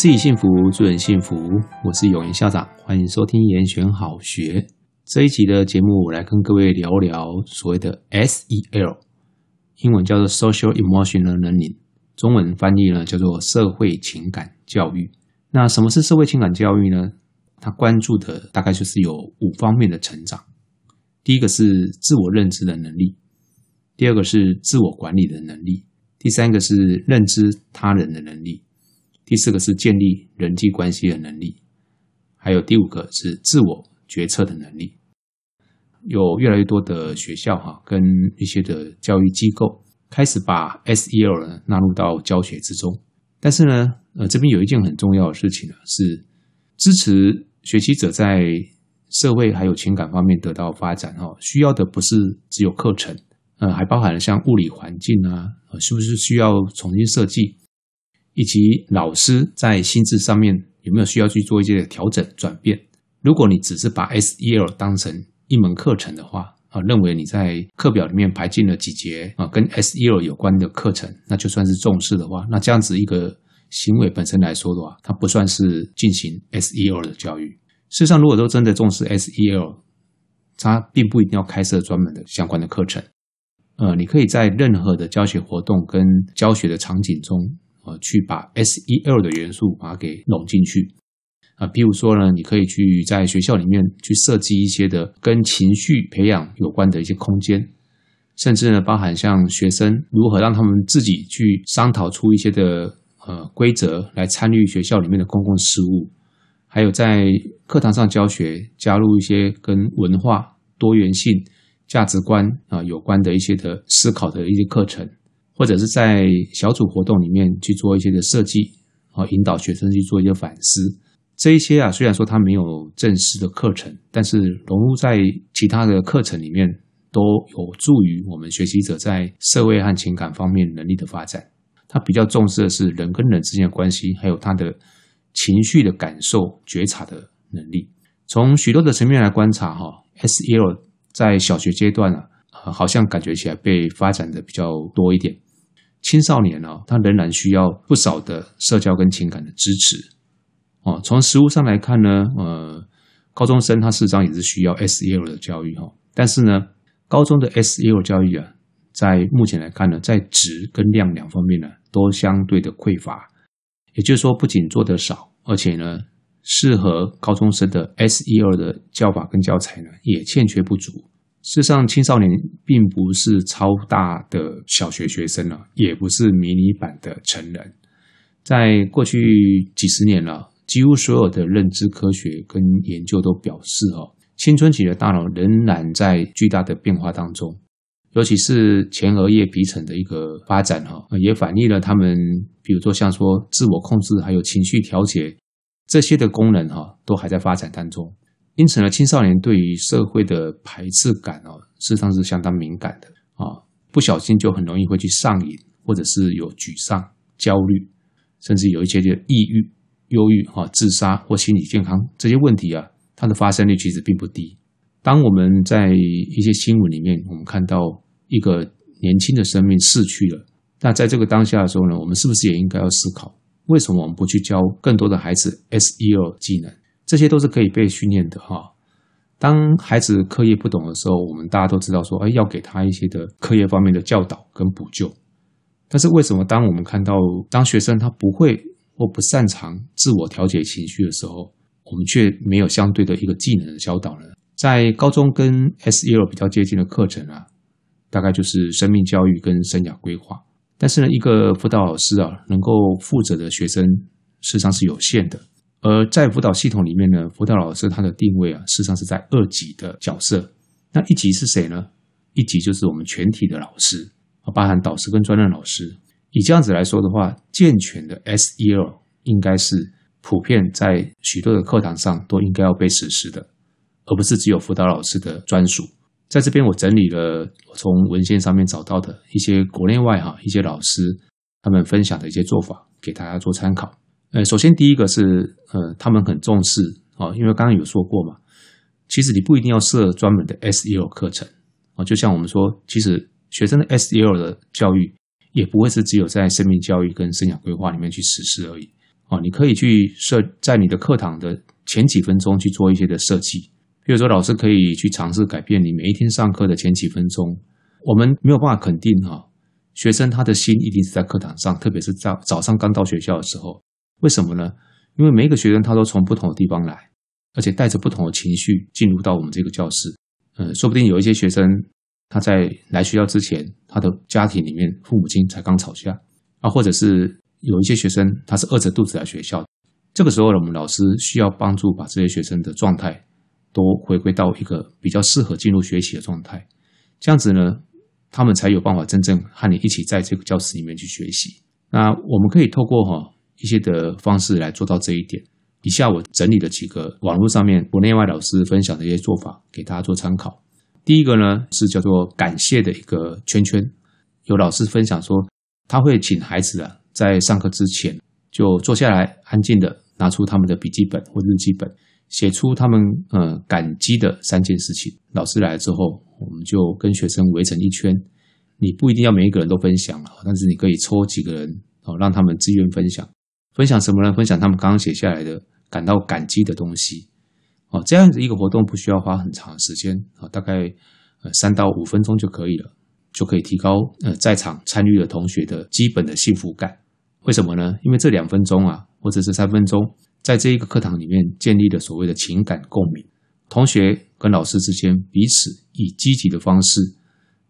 自己幸福，祝人幸福。我是勇延校長，歡迎收聽《延選好學》這一集的節目。我來跟各位聊聊所謂的 SEL，英文叫做 Social Emotional Learning，中文翻譯呢叫做社會情感教育。那什麼是社會情感教育呢？它關注的大概就是有五方面的成長。第一個是自我認知的能力，第二個是自我管理的能力，第三個是認知他人的能力。第四個是建立人際關係的能力，還有第五個是自我決策的能力。有越來越多的學校哈、啊，跟一些的教育機構開始把 SEL 呢納入到教學之中。但是呢，呃，這邊有一件很重要的事情呢，是支持學習者在社會還有情感方面得到發展哈、哦。需要的不是只有課程，呃，還包含了像物理環境啊，呃，是不是需要重新設計？以及老師在心智上面有沒有需要去做一些調整轉變？如果你只是把 SEL 當成一門課程的話，啊，認為你在課表裡面排進了幾節啊，跟 SEL 有關的課程，那就算是重視的話，那這樣子一個行為本身來說的話，它不算是進行 SEL 的教育。事實上，如果都真的重視 SEL，它並不一定要開設專門的相關的課程。呃，你可以在任何的教學活動跟教學的場景中。去把 SEL 的元素把它給融進去啊。譬如說呢，你可以去在學校裡面去設計一些的跟情緒培養有關的一些空間，甚至呢，包含像學生如何讓他們自己去商討出一些的呃規則來參與學校裡面的公共事務，還有在課堂上教學加入一些跟文化多元性、價值觀啊有關的一些的思考的一些課程。或者是在小組活動裡面去做一些的設計，啊，引導學生去做一些反思，這一些啊，雖然說他沒有正式的課程，但是融入在其他的課程裡面，都有助於我們學習者在社會和情感方面能力的發展。他比較重視的是人跟人之間的關係，還有他的情緒的感受、覺察的能力。從許多的層面來觀察，哈，SEL 在小學階段啊，好像感覺起來被發展的比較多一點。青少年呢、啊，他仍然需要不少的社交跟情感的支持。哦，從實務上來看呢，呃，高中生他事實上也是需要 S E L 的教育哈、哦。但是呢，高中的 S E L 教育啊，在目前來看呢，在質跟量兩方面呢，都相對的匱乏。也就是說，不僅做得少，而且呢，適合高中生的 S E L 的教法跟教材呢，也欠缺不足。事實上，青少年並不是超大的小學學生了、啊，也不是迷你版的成人。在過去幾十年了、啊，幾乎所有的認知科學跟研究都表示、啊，青春期的大腦仍然在巨大的變化當中，尤其是前額葉皮層的一個發展、啊，哈，也反映了他們，比如說像說自我控制還有情緒調節這些的功能、啊，哈，都還在發展當中。因此呢，青少年對於社會的排斥感哦，事實上是相當敏感的啊、哦，不小心就很容易會去上癮，或者是有沮喪、焦慮，甚至有一些就抑鬱、憂鬱啊、哦、自殺或心理健康這些問題啊，它的發生率其實並不低。當我們在一些新聞裡面，我們看到一個年輕的生命逝去了，那在這個當下的時候呢，我們是不是也應該要思考，為什麼我們不去教更多的孩子 SEL 技能？這些都是可以被訓練的哈。當孩子課業不懂的時候，我們大家都知道說，哎，要給他一些的課業方面的教導跟補救。但是為什麼當我們看到當學生他不會或不擅長自我調節情緒的時候，我們卻沒有相對的一個技能的教導呢？在高中跟 SEL 比較接近的課程啊，大概就是生命教育跟生涯規劃。但是呢，一個輔導老師啊，能夠負責的學生事實上是有限的。而在輔導系統裡面呢，輔導老師他的定位啊，事實上是在二級的角色。那一級是誰呢？一級就是我們全體的老師啊，包含導師跟專任老師。以這樣子來說的話，健全的 SEL 應該是普遍在許多的課堂上都應該要被實施的，而不是只有輔導老師的專屬。在這邊我整理了我從文獻上面找到的一些國內外哈、啊、一些老師他們分享的一些做法，給大家做參考。呃，首先第一個是，呃，他們很重視啊、哦，因為剛剛有說過嘛，其實你不一定要設專門的 SEL 課程啊、哦，就像我們說，其實學生的 SEL 的教育也不會是只有在生命教育跟生涯規劃裡面去實施而已啊、哦，你可以去設在你的課堂的前幾分鐘去做一些的設計，比如說老師可以去嘗試改變你每一天上課的前幾分鐘，我們沒有辦法肯定哈、哦，學生他的心一定是在課堂上，特別是在早上剛到學校的時候。為什麼呢？因為每一個學生他都從不同的地方來，而且帶着不同的情緒進入到我們這個教室。嗯，說不定有一些學生他在來學校之前，他的家庭裡面父母親才剛吵架啊，或者是有一些學生他是餓着肚子來學校的。這個時候呢，我們老師需要幫助把這些學生的狀態都回歸到一個比較適合進入學習的狀態。這樣子呢，他們才有辦法真正和你一起在這個教室裡面去學習。那我們可以透過哈、哦。一些的方式來做到這一點。以下我整理了幾個網絡上面國內外老師分享的一些做法，給大家做參考。第一個呢是叫做感謝的一個圈圈，有老師分享說，他會請孩子啊在上課之前就坐下來安靜的拿出他們的筆記本或日記本，寫出他們呃感激的三件事情。老師來了之後，我們就跟學生圍成一圈，你不一定要每一個人都分享了，但是你可以抽幾個人哦，讓他們自願分享。分享什麼呢？分享他們剛剛寫下來的感到感激的東西哦。這樣子一個活動不需要花很長的時間啊，大概三到五分鐘就可以了，就可以提高呃在場參與的同學的基本的幸福感。為什麼呢？因為這兩分鐘啊，或者是三分鐘，在這一個課堂裡面建立了所謂的情感共鳴，同學跟老師之間彼此以積極的方式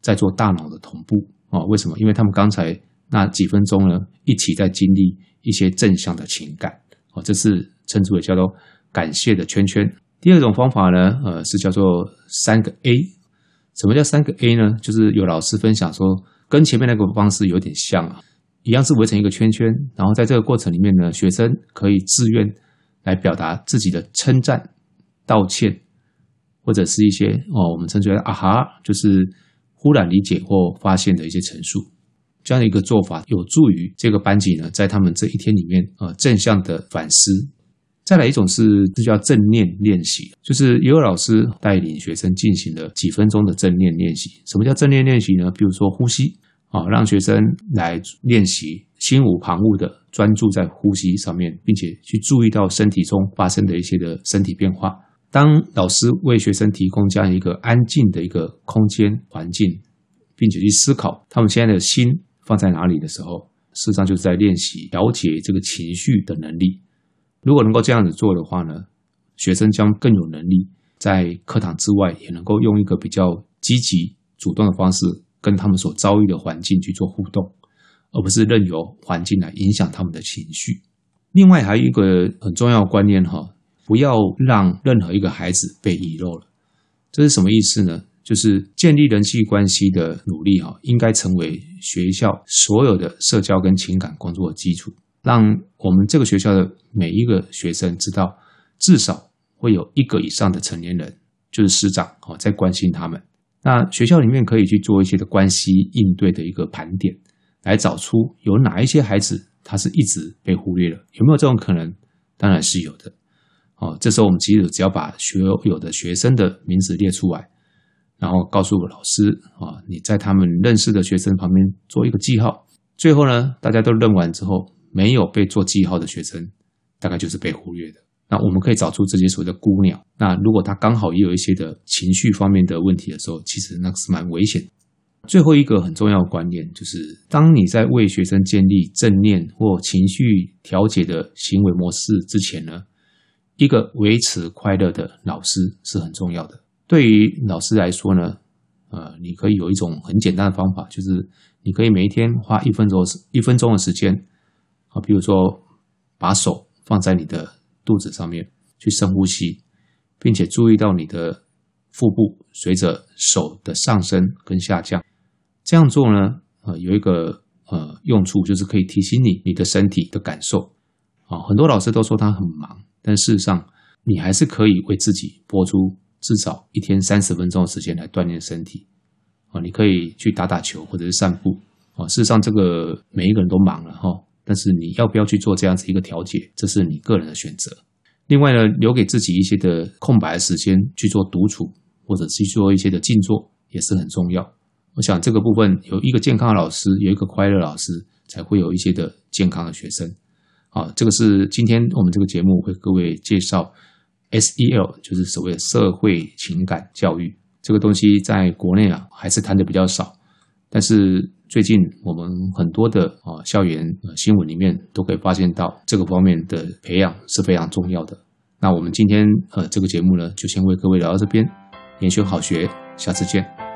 在做大腦的同步啊。為什麼？因為他們剛才那幾分鐘呢，一起在經歷。一些正向的情感，哦，這是稱之為叫做感謝的圈圈。第二種方法呢，呃，是叫做三個 A。什麼叫三個 A 呢？就是有老師分享說，跟前面那個方式有點像啊，一樣是圍成一個圈圈，然後在這個過程裡面呢，學生可以自願來表達自己的稱讚、道歉，或者是一些哦，我們稱之為啊哈，就是忽然理解或發現的一些陳述。這樣的一個做法有助於這個班級呢，在他們這一天裡面，啊，呃，正向的反思。再來一種是，這叫正念練習，就是也有老師帶領學生進行了幾分鐘的正念練習。什麼叫正念練習呢？比如說呼吸啊，讓學生來練習心無旁騖的專注在呼吸上面，並且去注意到身體中發生的一些的身體變化。當老師為學生提供這樣一個安靜的一個空間環境，並且去思考他們現在的心，放在哪裡的時候，事實上就是在練習了解這個情緒的能力。如果能夠這樣子做的話呢，學生將更有能力在課堂之外也能夠用一個比較積極主動的方式跟他們所遭遇的環境去做互動，而不是任由環境來影響他們的情緒。另外還有一個很重要觀念哈、哦，不要讓任何一個孩子被遺漏了。這是什麼意思呢？就是建立人際關係的努力啊，應該成為學校所有的社交跟情感工作的基礎，讓我們這個學校的每一個學生知道，至少會有一個以上的成年人，就是師長哦，在關心他們。那學校裡面可以去做一些的關係應對的一個盤點，來找出有哪一些孩子他是一直被忽略了，有沒有這種可能？當然是有的哦。這時候我們其實只要把所有的學生的名字列出來。然後告訴我老師啊，你在他們認識的學生旁邊做一個記號。最後呢，大家都認完之後，沒有被做記號的學生，大概就是被忽略的。那我們可以找出這些所謂的孤鳥。那如果他剛好也有一些的情緒方面的問題的時候，其實那是蠻危險的。最後一個很重要的觀念就是，當你在為學生建立正念或情緒調節的行為模式之前呢，一個維持快樂的老師是很重要的。對於老師來說呢，呃，你可以有一種很簡單的方法，就是你可以每一天花一分鐘、一分鐘的時間啊，比如說把手放在你的肚子上面去深呼吸，並且注意到你的腹部隨着手的上升跟下降。這樣做呢，呃，有一個呃用處，就是可以提醒你你的身體的感受啊。很多老師都說他很忙，但事實上你還是可以為自己撥出。至少一天三十分鐘的時間來鍛鍊身體，啊，你可以去打打球或者是散步，啊，事實上這個每一個人都忙了哈，但是你要不要去做這樣子一個調節，這是你個人的選擇。另外呢，留給自己一些的空白的時間去做獨處，或者是去做一些的靜坐，也是很重要。我想這個部分，有一個健康的老師，有一個快樂老師，才會有一些的健康的學生。啊，這個是今天我們這個節目為各位介紹，SEL 就是所謂的社會情感教育，這個東西在國內啊還是談的比較少，但是最近我們很多的啊校園新聞裡面都可以發現到這個方面的培養是非常重要的。那我們今天呃這個節目呢就先為各位聊到這邊，延選好學，下次見。